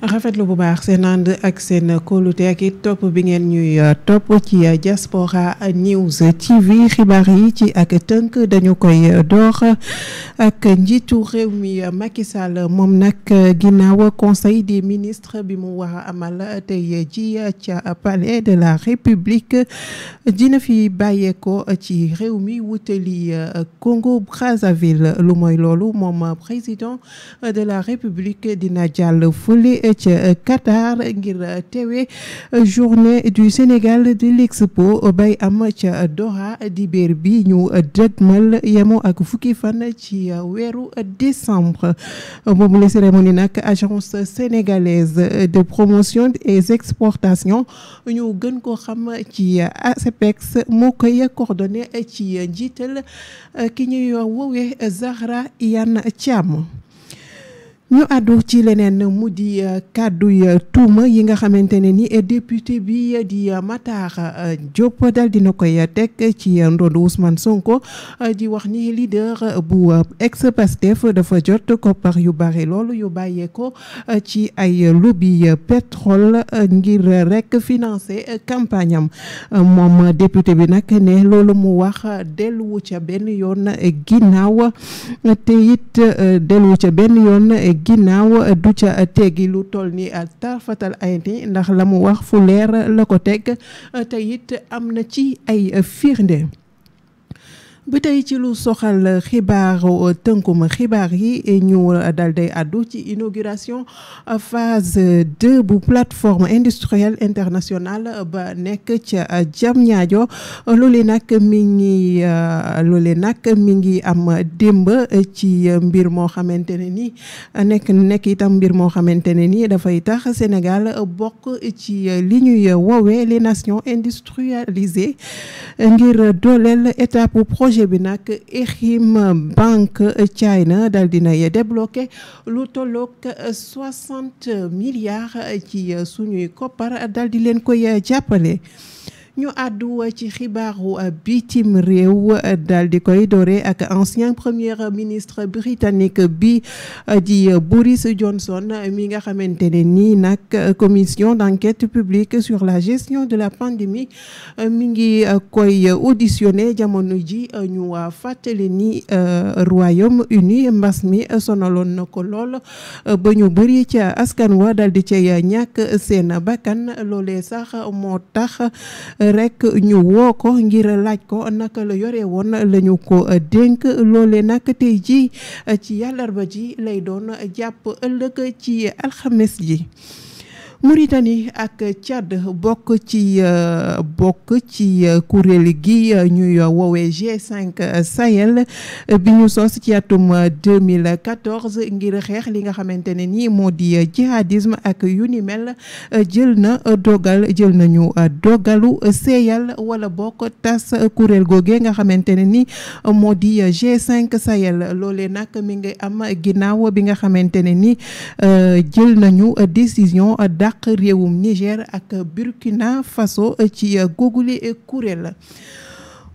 Rafael bu baax seen ànd ak seen kóolute ak it bi ngeen ñuy euh, topp ci euh, Diaspora News TV xibaar yi ci ak tënk dañu koy euh, door ak njiitu réew mi moom conseil des ministres bi mu war a amal palais de la République dina fi bàyyeekoo ci réew mi Congo Brazzaville lu mooy loolu président de la République dina jàll fule ci euh, Qatar ngir euh, teewe euh, journée du Sénégal de l'expo bay am ci Doha ber bi ñu dëgmal yamo ak fukki fan ci weeru décembre mom la cérémonie nak agence sénégalaise de promotion des exportations ñu gën ko xam ci ASEPEX moo koy coordonné ci njiital ki ñuy woowee Zahra Yann Thiam ñu àddu ci leneen mu kàddu euh, kàdduy euh, tuuma yi nga xamante ne ni euh, député bi di mataaxa Diop dal dina koy teg ci ndondu Ousmane Sonko di wax ni leader bu ex Pastef dafa jot koppar yu bari loolu yu bàyyeeko ci ay lobby pétrole ngir rek financé campagne moom député bi nag ne loolu mu wax delluwu ca benn yoon ginnaaw te it delluwu ca benn yoon ginnaaw euh, du ca teggi lu toll ni euh, tarfatal ayni ndax la mu wax fu leer la ko teg euh, te it am na ci ay firnde ba tey ci lu soxal xibaar euh, tënkum xibaar yi ñu euh, daal day àddu ci inauguration euh, phase 2 bu plateforme industrielle internationale ba nekk ca Diamniadio loolee nag mi ngi loolee nag mi ngi am démb ci mbir moo xamante ni nekk nekk itam mbir moo xamante ne ni dafay tax Sénégal bokk ci li ñuy woowee les nations industrialisées ngir dooleel étape projet projet bi nak la Bank China dal a débloqué lu tolok 60 milliards ci suñuy copar dal di ñu addu ci xibaaru euh, bitim réew euh, dal di koy doré ak ancien premier ministre britannique bi euh, di Boris Johnson mi nga xamantene ni nak commission d'enquête publique sur la gestion de la pandémie mi ngi koy auditionné jamono ji ñu fàttali ni Royaume-Uni mbass mi sonalon nako ko lool ba ñu bëri ci askan wa dal di ci ñak sen bakan lolé sax mo tax. rekk ñu woo ko ngir laaj ko naka la yore woon la ñu ko dénk loole nag tey ji ci yàllarba ji lay doon jàpp ëllëg ci alxames ji Mauritanie ak Tchad bok ci euh, bok ci euh, kuréel gi euh, ñuy wowe G5 Sahel bi ñu sos ci atum 2014 ngir xex li nga xamantene ni modi jihadisme ak yu mel jël na dogal jël nañu dogalu seeyal wala bok tas kuréel goge nga xamantene ni modi G5 Sahel lolé nak mi ngi am ginaaw bi nga xamantene ni nii jël nañu décision. dàq réewum Niger ak Burkina Faso ci euh, googule euh, kuréel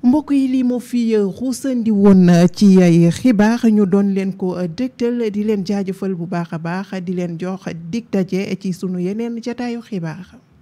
mbokk yi lii moo fi xuusandi euh, woon ci ay xibaar ñu doon leen ko dégtal di leen jaajëfal bu baax a baax di leen jox dig daje ci sunu yeneen jataayu xibaar.